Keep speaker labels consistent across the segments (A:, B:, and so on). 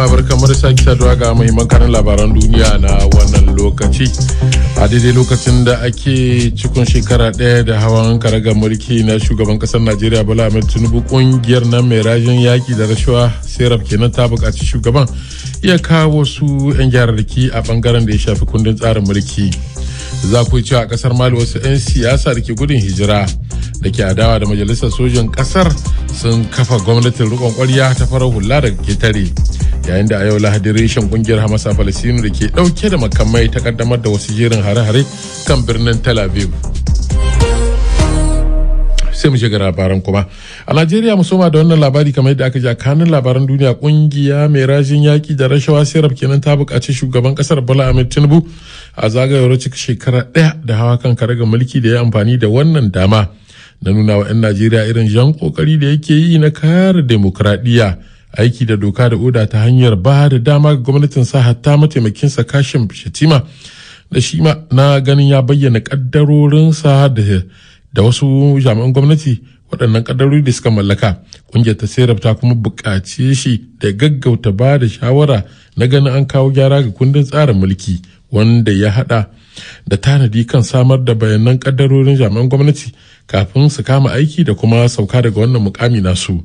A: jama'a barkamu da sake saduwa ga muhimman karin labaran duniya na wannan lokaci a daidai lokacin da ake cikin shekara ɗaya da hawan karagar mulki na shugaban ƙasar najeriya bala ahmed tinubu kungiyar nan mai rajin yaƙi da rashawa serap kenan ta buƙaci shugaban iya kawo su 'yan gyararraki a bangaren da ya shafi kundin tsarin mulki za ku cewa a ƙasar mali wasu 'yan siyasa da ke gudun hijira da ke adawa da majalisar sojin ƙasar sun kafa gwamnatin riƙon ƙwarya ta farar hula daga ketare yayin da a yau lahadin reshen kungiyar hamas a da ke dauke da makamai ta kaddamar da wasu jerin hare-hare kan birnin tel aviv sai mu shiga labaran kuma a najeriya musoma da wannan labari kamar yadda aka ji a kanin labaran duniya kungiya mai rajin yaki da rashawa sirab kenan ta buƙaci shugaban kasar bola ahmed tinubu a zagayowar cika shekara ɗaya da hawa kan karagar mulki da ya amfani da wannan dama na nuna wa 'yan najeriya irin jan kokari da yake yi na kare demokradiyya aiki da doka da oda ta hanyar ba da dama ga gwamnatin sa hatta mataimakinsa kashin shatima da shi ma na ganin ya bayyana kaddarorinsa da da wasu jami'an gwamnati waɗannan kaddarori da suka mallaka ƙungiyar ta sayar ta kuma buƙace shi da gaggauta ba da shawara na ganin an kawo gyara ga kundin tsarin mulki wanda ya haɗa da tanadi kan samar da bayanan kaddarorin jami'an gwamnati kafin su kama aiki da kuma sauka daga wannan mukami nasu.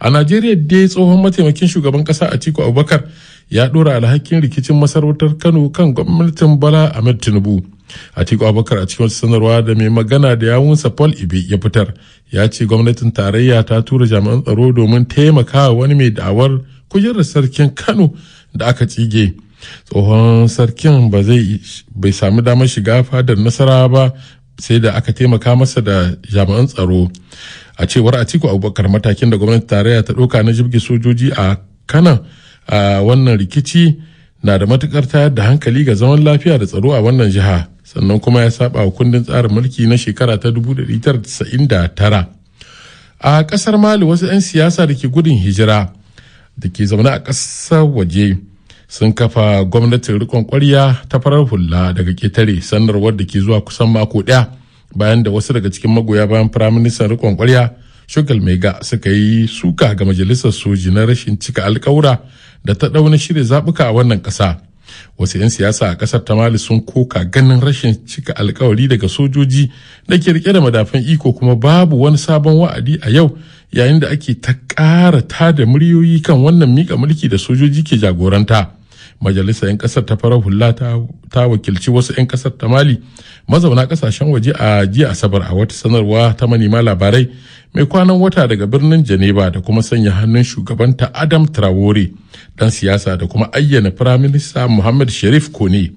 A: a najeriya dai tsohon mataimakin shugaban kasa atiku abubakar ya dora alhakin rikicin masarautar kano kan gwamnatin bala ahmed tinubu atiku abubakar a cikin sanarwa da mai magana da yawunsa paul ibi ya fitar ya ce gwamnatin tarayya ta tura jami'an tsaro domin taimakawa wani mai da'awar kujerar sarkin kano da aka tsige tsohon sarkin ba zai bai sami damar shiga fadar nasara ba sai da aka taimaka masa da jami'an tsaro a cewar atiku abubakar matakin da gwamnati tarayya ta ɗauka na jirgin sojoji a kanan a wannan rikici na da matukar tayar da hankali ga zaman lafiya da tsaro a wannan jiha sannan kuma ya saba wa kundin tsarin mulki na shekara ta da tara. a ƙasar mali wasu 'yan siyasa da ke gudun hijira da ke zaune a ƙasar waje sun kafa gwamnatin rikon ƙwarya ta farar hula daga ketare sanarwar da ke zuwa kusan mako ɗaya bayan da wasu daga cikin magoya bayan firaministan rikon kwarya shugal mega suka yi suka ga majalisar soji na rashin cika alkawura da ta dauna shirya zabuka a wannan kasa wasu 'yan siyasa a kasar ta mali sun koka ganin rashin cika alkawari daga sojoji da ke rike da madafan iko kuma babu wani sabon wa'adi a yau yayin da ake ta ƙara tada muryoyi kan wannan mika mulki da sojoji ke jagoranta. majalisa 'yan kasar ta farar hula ta wakilci wasu 'yan kasar ta mali mazauna kasashen waje a jiya asabar a wata sanarwa ta manema labarai mai kwanan wata daga birnin geneva da kuma sanya hannun shugaban ta adam traore dan siyasa da kuma ayyana firaminista muhammad sharif kone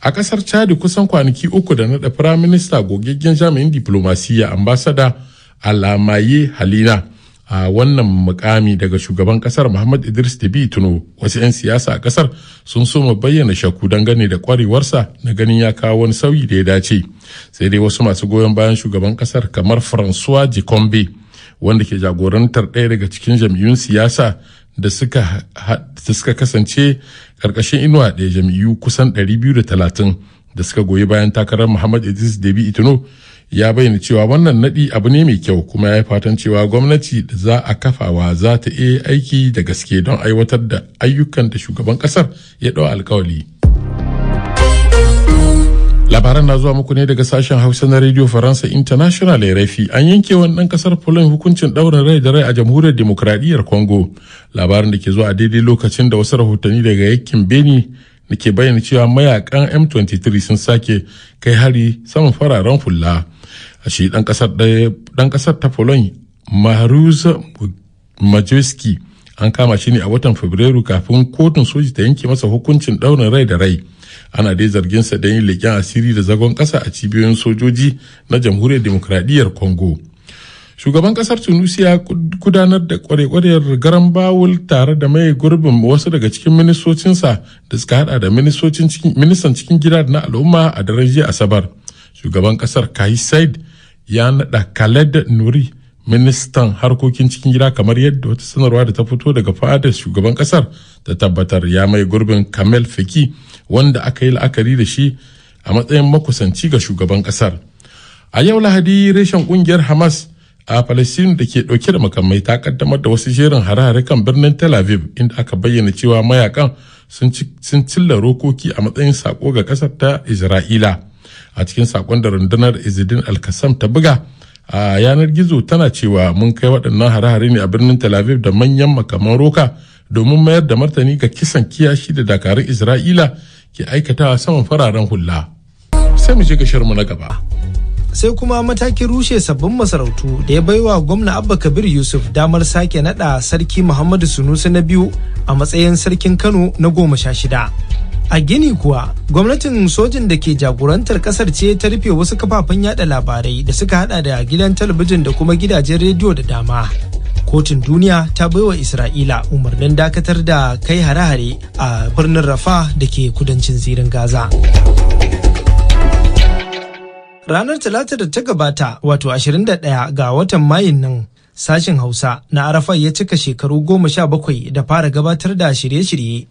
A: a kasar chadi kusan kwanaki uku da naɗa firaminista gogaggen jami'in diplomasiya ambasada alamaye halina a wannan mukami daga shugaban kasar muhammad idris debi tuno wasu 'yan siyasa a kasar sun so soma bayyana shakku dangane da kwarewarsa na ganin ya kawo wani sauyi da ya dace sai dai wasu masu goyon bayan shugaban kasar kamar francois jikombe wanda ke jagorantar ɗaya daga cikin jam'iyyun siyasa da suka, kasance ƙarƙashin inuwa ɗaya jam'iyyu kusan 230 da suka goyi bayan takarar muhammad idris debi Tuno ya bayyana cewa wannan nadi abu ne mai kyau kuma ya yi fatan cewa gwamnati da za a kafawa za ta iya aiki da gaske don aiwatar da ayyukan da shugaban kasar ya ɗau alkawali. labaran na zuwa muku ne daga sashen hausa na radio faransa international ya rafi an yanke wani ɗan ƙasar poland hukuncin ɗaurin rai da rai a jamhuriyar demokradiyyar congo labarin da ke zuwa a daidai lokacin da wasu rahotanni daga yankin beni da ke bayyana cewa mayakan M23 sun sake kai hari saman fararen fulla. A shi dan kasar ta Poland maruz majewski an kama shi ne a watan Fabrairu kafin kotun soji ta yanke masa hukuncin ɗaurin rai da rai. Ana dai zarginsa da yin leƙen asiri da zagon ƙasa a cibiyoyin sojoji na Jamhuriyar demokradiyyar Congo. shugaban kasar tunisia gudanar da kwarekwariyar garan bawul tare da mai gurbin wasu daga cikin ministocinsa da suka hada da ministan cikin gida na al'umma a daren jiya asabar shugaban kasar kai said ya nada khaled nuri ministan harkokin cikin gida kamar yadda wata sanarwa da ta fito daga fadar shugaban kasar ta tabbatar ya mai gurbin kamel fiki wanda aka yi la'akari da shi a matsayin makusanci ga shugaban kasar a yau lahadi reshen kungiyar hamas a Falasɗinu da ke dauke da makamai ta kaddamar da wasu jerin hare kan birnin Tel Aviv inda aka bayyana cewa mayakan sun cilla rokoki a matsayin sako ga kasar ta Isra'ila. A cikin sakon da rundunar Izidin Alkasam ta buga a yanar gizo tana cewa mun kai waɗannan hare ne a birnin Tel Aviv da manyan makaman roka domin mayar da martani ga kisan kiyashi da dakarun Isra'ila ke aikatawa saman fararen hula. Sai mu je ga shirmu na gaba. sai kuma matakin rushe sabbin
B: masarautu da ya baiwa gwamna abba kabir yusuf damar sake nada sarki muhammadu sunusi na biyu a matsayin sarkin kano na goma sha shida a gini kuwa gwamnatin sojin da ke jagorantar kasar ce ta rufe wasu kafafen yada labarai da suka hada da gidan talabijin da kuma gidajen rediyo da dama kotun duniya ta baiwa isra'ila umarnin dakatar da kai hare-hare a birnin rafa da ke kudancin zirin gaza Ranar Talata da ta gabata wato 21 ga watan Mayun nan sashen Hausa na Arafa ya cika shekaru goma sha bakwai da fara gabatar da shirye-shirye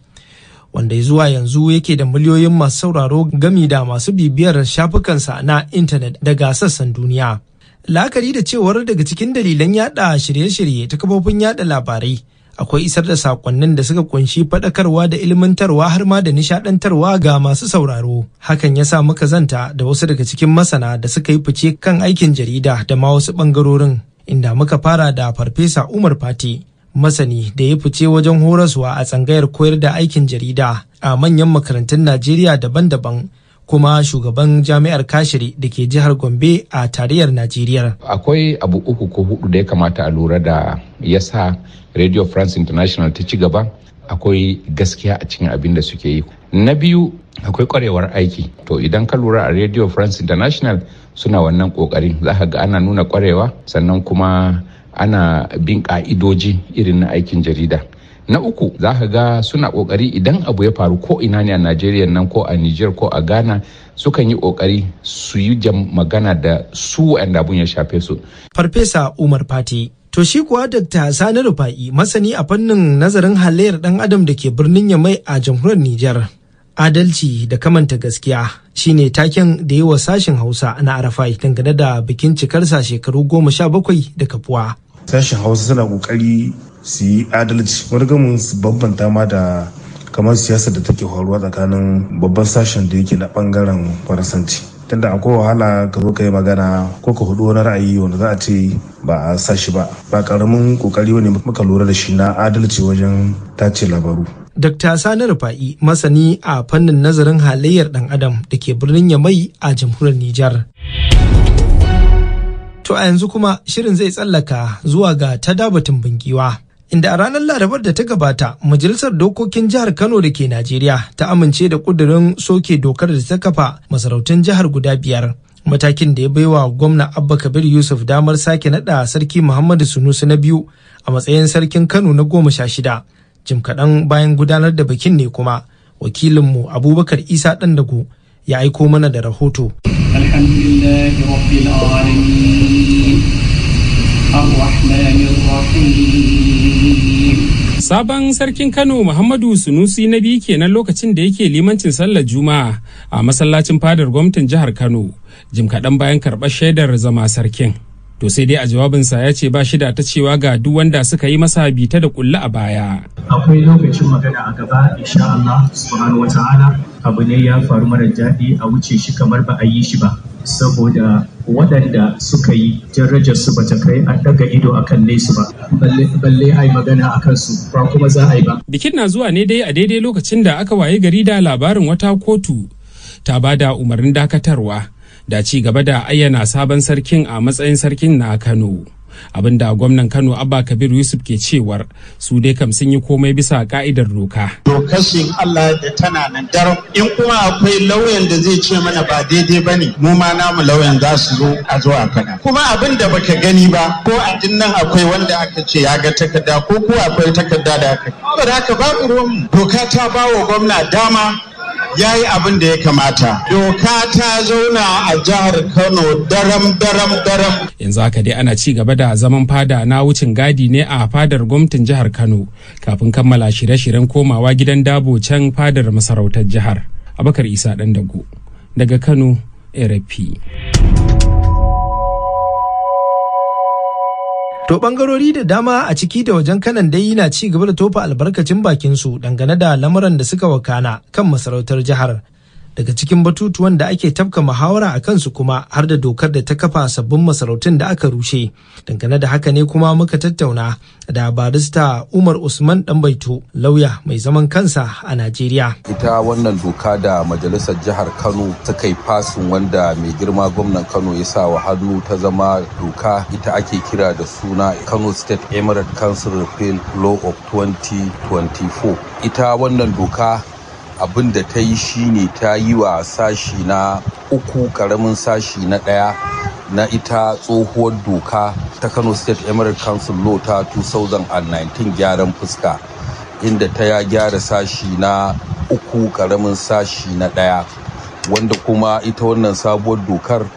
B: wanda zuwa yanzu yake da miliyoyin masu sauraro gami da masu bibiyar shafukansa na intanet daga sassan duniya. Lakari da cewar daga cikin dalilan yada shirye-shirye ta kafofin yada labarai akwai isar da sakonnin da suka kunshi faɗakarwa da ilmantarwa har ma da nishaɗantarwa ga masu sauraro hakan ya sa muka zanta da wasu daga cikin masana da suka yi fice kan aikin jarida da ma wasu ɓangarorin inda muka fara da farfesa umar fati masani da ya fice wajen horaswa a tsangayar koyar da aikin jarida a manyan makarantun najeriya daban-daban kuma shugaban jami'ar kashiri da ke jihar gombe a tarayyar najeriya
C: akwai abu uku ko hudu da ya kamata a lura da yasa radio france international ta ci gaba akwai gaskiya a cikin abin da suke yi na biyu akwai kwarewar aiki to idan ka lura a radio france international suna wannan kokarin za ka ga ana nuna kwarewa sannan kuma ana bin ka'idoji irin na aikin jarida na uku za ka ga suna kokari idan abu ya faru ko ina ne a najeriya nan ko a niger ko a ghana sukan yi kokari su yi magana da su wa'anda abun ya shafe su
B: farfesa umar fati To shi kuwa Dr. Sani Rufa'i masani a fannin nazarin halayyar ɗan adam da ke birnin Yamai a jamhuriyar Nijar. Adalci da kamanta gaskiya shine taken da yi wa sashen Hausa na Arafai dangane da bikin cikarsa shekaru goma sha bakwai da kafuwa.
C: Sashen Hausa suna kokari su yi adalci wani gamin su bambanta ma da kamar siyasa da take faruwa tsakanin babban sashen da yake na ɓangaren faransanci. tunda akwai wahala ka zo ka yi magana ko ka hudu wani ra'ayi wanda za a ce ba a sa shi ba ba karamin kokari ne muka lura da shi na adalci wajen tace labaru
B: Dr. Sani Rufa'i masani a fannin nazarin halayyar ɗan adam da ke birnin Yamai a jamhuriyar Nijar. To a yanzu kuma shirin zai tsallaka zuwa ga ta dabatin bingiwa inda a ranar larabar da ta gabata majalisar dokokin jihar kano da ke najeriya ta amince da kudirin soke dokar da ta kafa masarautun jihar guda biyar matakin da ya baiwa gwamna abba kabir yusuf damar sake nada sarki muhammadu sunusu na biyu a matsayin sarkin kano na goma sha shida jim kaɗan bayan gudanar da bikin ne kuma wakilinmu abubakar isa ɗandago ya aiko mana da rahoto
C: الرحمن الرحيم Sabon sarkin Kano Muhammadu Sunusi na biyu kenan lokacin da yake limancin sallar Juma'a a masallacin fadar gwamnatin jihar Kano, jim kaɗan bayan karɓar shaidar zama sarkin. To sai dai a jawabinsa ya ce ba shi da ta cewa ga duk wanda suka yi masa bita da kulla a baya.
B: Akwai lokacin magana a gaba insha Allah subhanahu wataala abu ne ya faru mara jaɗi a wuce shi kamar ba a yi shi ba. saboda waɗanda suka yi jarrajar
C: su bata kai a ɗaga ido a kan nesu ba balle ai magana a kansu ba kuma za a yi ba. Bikin na zuwa ne dai a daidai lokacin da aka waye gari da labarin wata kotu ta ba da umarnin dakatarwa da ci gaba da ayyana sabon sarkin a matsayin sarkin na Kano. abinda gwamnan kano abba kabir yusuf ke cewar su dai kam sun yi komai bisa ka'idar doka dokashin allah da tana nan daram in kuma akwai lauyan da zai ce mana ba daidai ba ne mu ma namu lauyan za su zo a zo a kuma abin da baka gani ba ko a nan akwai wanda aka ce ya ga takarda ko ko akwai takarda da aka saboda ruwan doka ta ba wa gwamna dama ya yi abin da ya kamata doka ta zauna a jihar kano daram daram daram yanzu haka dai ana ci gaba da zaman fada na wucin gadi ne a fadar gwamnatin jihar kano kafin kammala shirye-shiryen komawa gidan dabo can fadar masarautar jihar abakar isa Dandago daga kano rfp
B: To bangarori da dama a ciki da wajen kanan dai na ci gaba da tofa albarkacin bakinsu, dangane da lamuran da suka wakana kan masarautar jihar daga cikin batutuwan da ake tafka muhawara a kansu kuma har da dokar da ta kafa sabbin masarautun da aka rushe dangane da haka ne kuma muka tattauna da barista umar usman baito lauya mai zaman kansa a najeriya
D: ita wannan doka da majalisar jihar kano ta kai fasin wanda mai girma gwamnan kano ya sa wa hannu ta zama doka ita ake kira da suna kano state emirate council repeal law of 2024 ita wannan doka abin da ta yi shine ta yi wa sashi na uku karamin sashi na ɗaya na ita tsohuwar doka ta kano state emirate council law ta 2019 gyaran fuska inda ta ya gyara sashi na uku karamin sashi na ɗaya wanda kuma ita wannan sabuwar dokar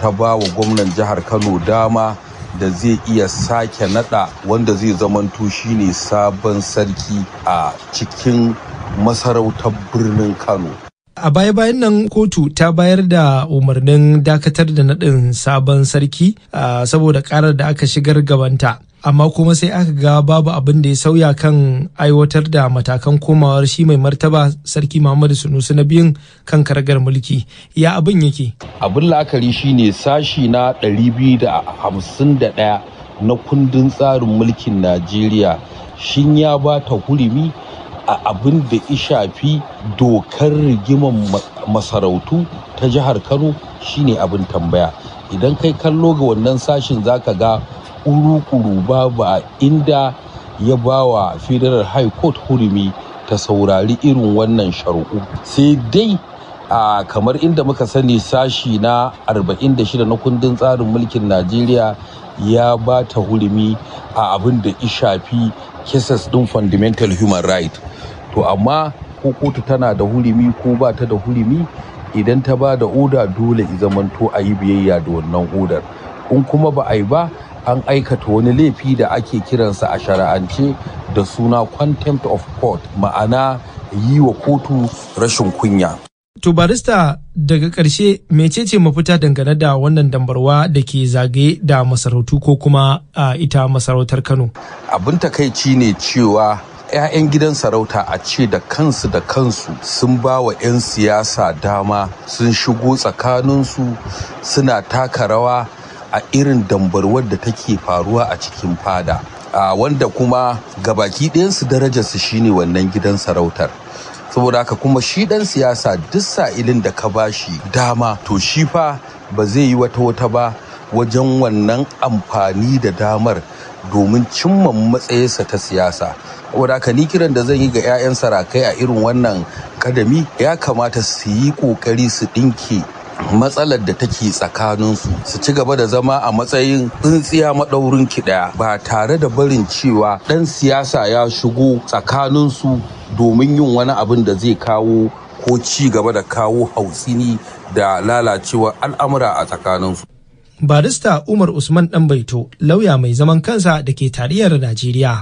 D: ta ba wa gwamnan jihar kano dama da zai iya sake nada wanda zai zamanto shine sabon sarki a cikin masarautar birnin Kano.
B: A baya-bayan nan kotu ta bayar da umarnin dakatar da naɗin sabon sarki saboda ƙarar da aka shigar gabanta. Amma kuma sai aka ga babu abin da ya sauya kan aiwatar da matakan komawar shi mai martaba sarki Muhammadu Sunusu na biyun kan karagar mulki.
D: Ya abin yake? Abin la'akari shine sashi na 251 na kundin tsarin mulkin Najeriya shin ya ba ta hurumi A abin da ya shafi dokar rigimar masarautu ta jihar kano shine abin tambaya idan kai kallo ga wannan sashin zaka ga urukuru ba babu inda ya ba wa federal high court hurumi ta saurari irin wannan shari'u sai dai a kamar inda muka sani sashi na 46 na kundin tsarin mulkin najeriya ya ba ta hurumi a abin da ishafi cases din fundamental human Rights. to amma ko kotu tana da hurumi ko ba ta da hurumi idan ta ba da oda dole i zamanto a yi biyayya da wannan odar in kuma ba a yi ba an aikata wani laifi da ake kiransa a shari'ance da suna contempt of court ma'ana yi wa kotu rashin kunya.
B: To barista daga ƙarshe mecece mafita dangane da wannan dambarwa da ke zagaye da masarautu ko kuma ita masarautar Kano?
D: Abin takaici ne cewa 'ya'yan gidan sarauta a ce da kansu da kansu sun ba wa 'yan siyasa dama sun shigo tsakaninsu suna taka rawa a irin dambarwar da take faruwa a cikin fada a wanda kuma gabaki ɗayansu darajarsu shine wannan gidan sarautar saboda haka kuma shi ɗan siyasa duk sa'ilin da ka bashi dama to shi fa ba zai yi wata wata ba wajen wannan amfani da damar domin cimma matsayinsa ta siyasa wadaka ni kiran da zan yi ga 'ya'yan sarakai a irin wannan kadami ya kamata su yi kokari su dinke matsalar da take tsakaninsu su ci gaba da zama a matsayin tsintsiya maɗaurin kiɗa ba tare da barin cewa ɗan siyasa ya shigo tsakaninsu domin yin wani abin da zai kawo ko ci gaba da kawo hautsini da lalacewar al'amura a tsakaninsu.
B: barista umar usman ɗan baito lauya mai zaman kansa da ke tarayyar najeriya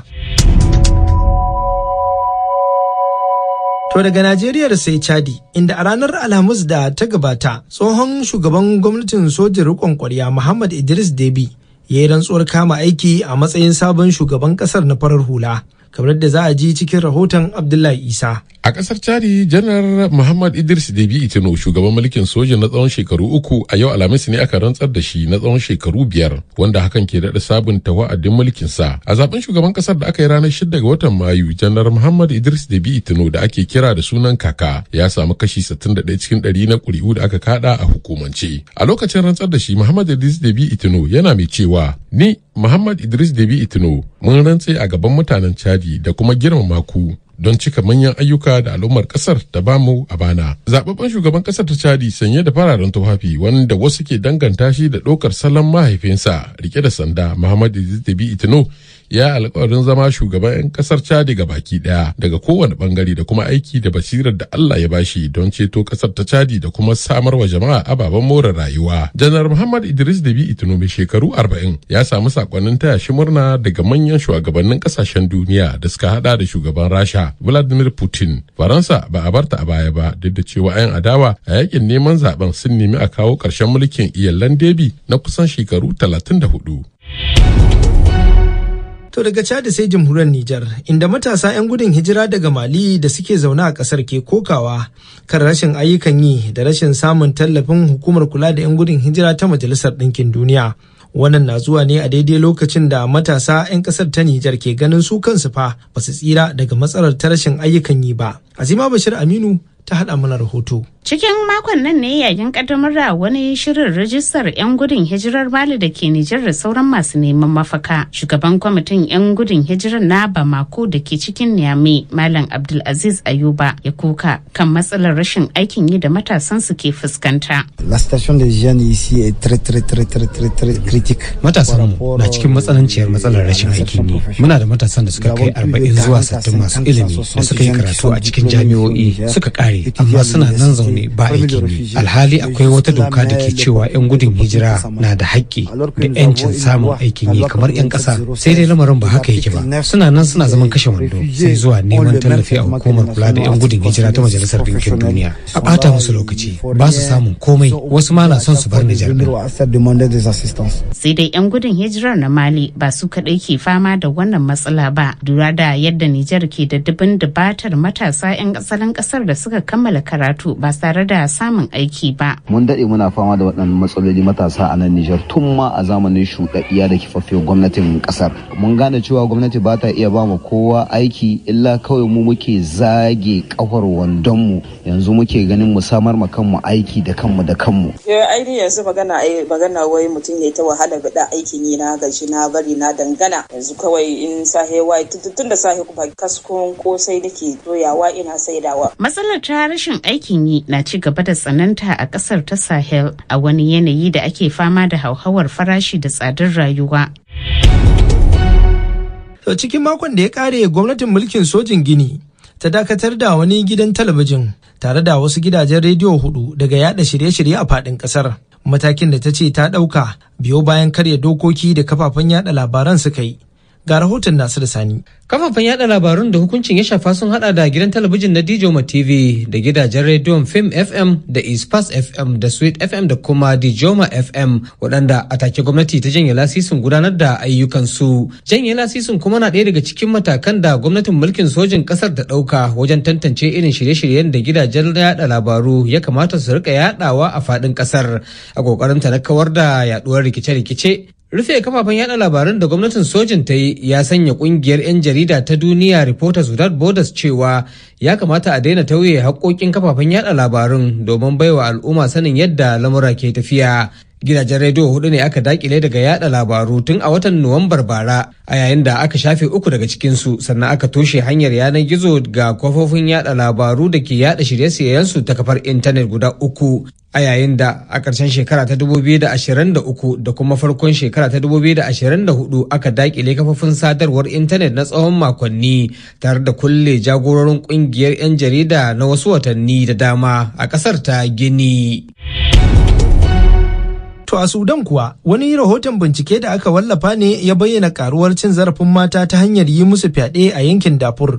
B: To daga Najeriya sai Chadi, inda a ranar Alhamis da ta gabata tsohon shugaban gwamnatin sojin rikon kwarya Muhammad Idris Debi ya yi rantsuwar kama aiki a matsayin sabon shugaban kasar na farar hula, kamar da za a ji cikin rahoton Abdullahi Isa.
A: A ƙasar Chari, Janar Muhammad Idris Debi Itino, shugaban mulkin soja na tsawon shekaru uku a yau Alhamis ne aka rantsar da shi na tsawon shekaru biyar, wanda hakan ke daɗa sabunta wa'adin sa. A zaben shugaban ƙasar da aka yi ranar shida ga watan Mayu, Janar Muhammad Idris Debi Itino da ake kira da sunan kaka ya samu kashi 61 cikin ɗari na ƙuri'u da aka kaɗa a hukumance. A lokacin rantsar da shi, Muhammad Idris Debi Itino yana mai cewa, Ni Muhammad Idris Debi Itino mun rantse a gaban mutanen Chadi da kuma girmama ku don cika manyan ayyuka da al'ummar kasar ta bamu a bana. Zababban shugaban kasar ta Chadi sanye da fararen tufafi wanda wasu ke danganta shi da ɗaukar salon mahaifinsa rike da sanda Muhammadu Idris Itino ya alkawarin zama shugaban 'yan kasar chad ga baki daya daga kowane bangare da kuma aiki da basirar da allah ya bashi don ceto kasar ta chad da kuma samar wa jama'a ababen more rayuwa janar muhammad idris dabi itino mai shekaru 40 ya samu sakonnin taya shi murna daga manyan shugabannin ƙasashen duniya da suka haɗa da shugaban rasha vladimir putin faransa ba a barta a baya ba duk da cewa 'yan adawa a yakin neman zaben sun nemi a kawo ƙarshen mulkin iyalan debi na kusan shekaru 34
B: To daga Chad sai jamhuriyar Nijar, inda matasa 'yan gudun hijira daga Mali da suke zaune a ƙasar ke kokawa kan rashin ayyukan yi da rashin samun tallafin hukumar kula da 'yan gudun hijira ta Majalisar Ɗinkin Duniya. Wannan na zuwa ne a daidai lokacin da matasa 'yan ƙasar ta Nijar ke ganin su kansu fa ba su tsira daga matsalar ta rashin ayyukan yi ba. Azima Bashir Aminu ta haɗa mana rahoto.
E: Cikin makon nan ne yayin kaddamar da wani shirin rajistar 'yan gudun hijirar Mali da ke Nijar da sauran masu neman mafaka. Shugaban kwamitin 'yan gudun hijirar na Bamako da ke cikin niyami Malam Abdulaziz Ayuba ya kuka kan matsalar rashin aikin yi da matasan su ke fuskanta. La station de jeunes ici est très très très très très très critique. Matasan mu na cikin euh, matsananciyar matsalar rashin aikin yi. Muna da matasan da suka kai arba'in zuwa 60 masu ilimi da suka yi karatu a cikin jami'o'i suka kare kare amma suna nan zaune ba aiki alhali akwai wata doka da ke cewa 'yan gudun hijira na da haƙƙi da 'yancin samun aikin yi kamar 'yan ƙasa sai dai lamarin ba haka yake ba suna nan suna zaman kashe wando sai zuwa neman tallafi a hukumar kula da 'yan gudun hijira ta majalisar ɗinkin duniya a ɓata musu lokaci ba su samun komai wasu ma na son su bar Nijar sai dai 'yan gudun hijirar na Mali ba su kaɗai ke fama da wannan matsala ba dura da yadda Nijar ke da dubin dubatar matasa 'yan asalin ƙasar da suka kammala karatu ba tare da samun aiki ba.
D: Mun daɗe muna fama da waɗannan matsaloli matasa a nan Nijar tun ma a zamanin shuɗaɗɗiya da kifaffiyar gwamnatin ƙasar. Mun gane cewa gwamnati ba ta iya ba mu kowa aiki illa kawai mu muke zage ƙafar wandonmu yanzu muke ganin mu samar ma kanmu aiki da kanmu
E: da kanmu.
C: Eh, ai yanzu magana eh, magana wai mutum ya ta wahala da aikin yi na gaji na bari na dangana yanzu kawai in sahe wai tun da sahe kuma kaskon ko sai nake doyawa ina saidawa.
E: Matsalar ta rashin aikin yi na ci gaba da tsananta a kasar ta Sahel a wani yanayi da ake fama da hauhawar farashi da tsadar rayuwa.
B: To cikin makon da ya kare gwamnatin mulkin sojin Gini ta dakatar da wani gidan talabijin tare da wasu gidajen rediyo hudu daga yada shirye-shirye a fadin kasar Matakin da ta ce ta ɗauka biyo bayan karya dokoki da kafafen yada labaran suka yi ga rahoton da Sani. Kafafen yada labarun da hukuncin ya shafa
E: sun hada da gidan talabijin na Dijoma TV da gidajen rediyon Fim FM da Ispas FM da Sweet FM da kuma Dijoma FM waɗanda a take gwamnati ta janye lasisin gudanar da ayyukansu. Janye lasisin kuma na ɗaya daga cikin matakan da gwamnatin mulkin sojin ƙasar da ɗauka wajen tantance irin shirye-shiryen da gidajen yada labaru ya kamata su rika yadawa a faɗin ƙasar a ƙoƙarinta na kawar da yaɗuwar rikice-rikice rufe kafafen yada labaran da gwamnatin sojin ta yi ya sanya kungiyar 'yan jarida ta duniya reporters without borders cewa ya kamata a daina tauye haƙoƙin kafafen yada labarun domin baiwa al'umma sanin yadda lamura ke tafiya gidajen rediyo hudu ne aka dakile daga yada labaru tun a watan nuwambar bara a yayin da aka shafe uku daga cikinsu sannan aka toshe hanyar yanar gizo ga kafofin yada labaru da ke yada shirye-shiryensu ta kafar intanet guda uku a yayin da a ƙarshen shekara ta 2023 da kuma farkon shekara ta 2024 aka dakile kafofin sadarwar intanet na tsawon makonni tare da kulle jagororin ƙungiyar 'yan jarida na wasu watanni da dama a ƙasar ta gini. To a Sudan kuwa wani rahoton bincike da aka wallafa
B: ne ya bayyana karuwar cin zarafin mata ta hanyar yi musu fyaɗe a yankin Dafur.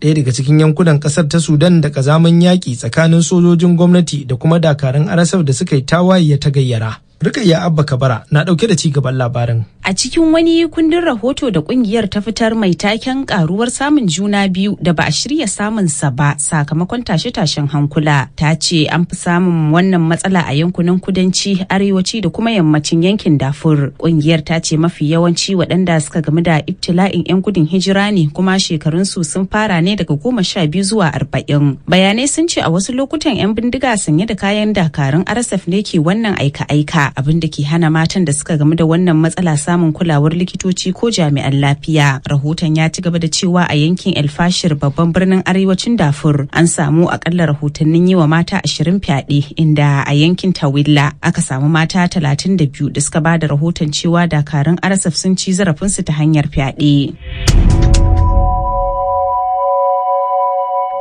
B: ɗaya daga cikin yankunan ƙasar ta sudan da ƙazamin yaƙi tsakanin sojojin gwamnati da kuma dakarun arasaf da suka yi tawaye ya ta gayyara Rukayya Abba Kabara na ɗauke da cigaban labarin.
C: A cikin wani kundin rahoto da ƙungiyar ta fitar mai taken karuwar samun juna biyu da ba a shirya samun sa ba sakamakon tashe-tashen hankula. Ta ce an fi samun wannan matsala a yankunan kudanci, arewaci da kuma yammacin yankin Dafur. ƙungiyar ta ce mafi yawanci waɗanda suka gamu da ibtila'in 'yan gudun hijira ne kuma shekarunsu sun fara ne daga goma sha biyu zuwa arba'in. Bayanai sun ce a wasu lokutan 'yan bindiga sanye da kayan dakarun RSF ne ke wannan aika-aika. abin da ke hana matan da suka gamu da wannan matsala samun kulawar likitoci ko jami'an lafiya rahoton ya ci gaba da cewa a yankin elfashir babban birnin arewacin dafur an samu akalla rahotannin yi wa mata ashirin fyaɗe inda a yankin tawilla aka samu mata talatin da biyu da suka ba da rahoton cewa dakarun rsf sun ci zarafinsu ta hanyar fyaɗe.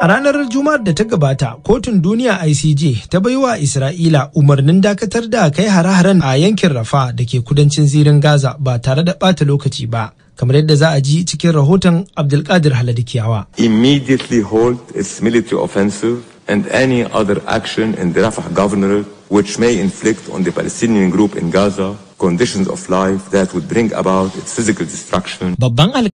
B: A ranar Juma'ar da ta gabata, Kotun Duniya ICJ ta baiwa Isra'ila umarnin dakatar da kai hare-haren a yankin Rafa da ke kudancin zirin Gaza ba tare da ɓata lokaci ba. kamar yadda za a ji cikin rahoton Abdulkadir Haladikiyawa.
D: Immediately hold its military offensive and any other action in the Rafah governorate which may inflict on the Palestinian group in Gaza conditions of life that would bring about its physical destruction.
B: Babban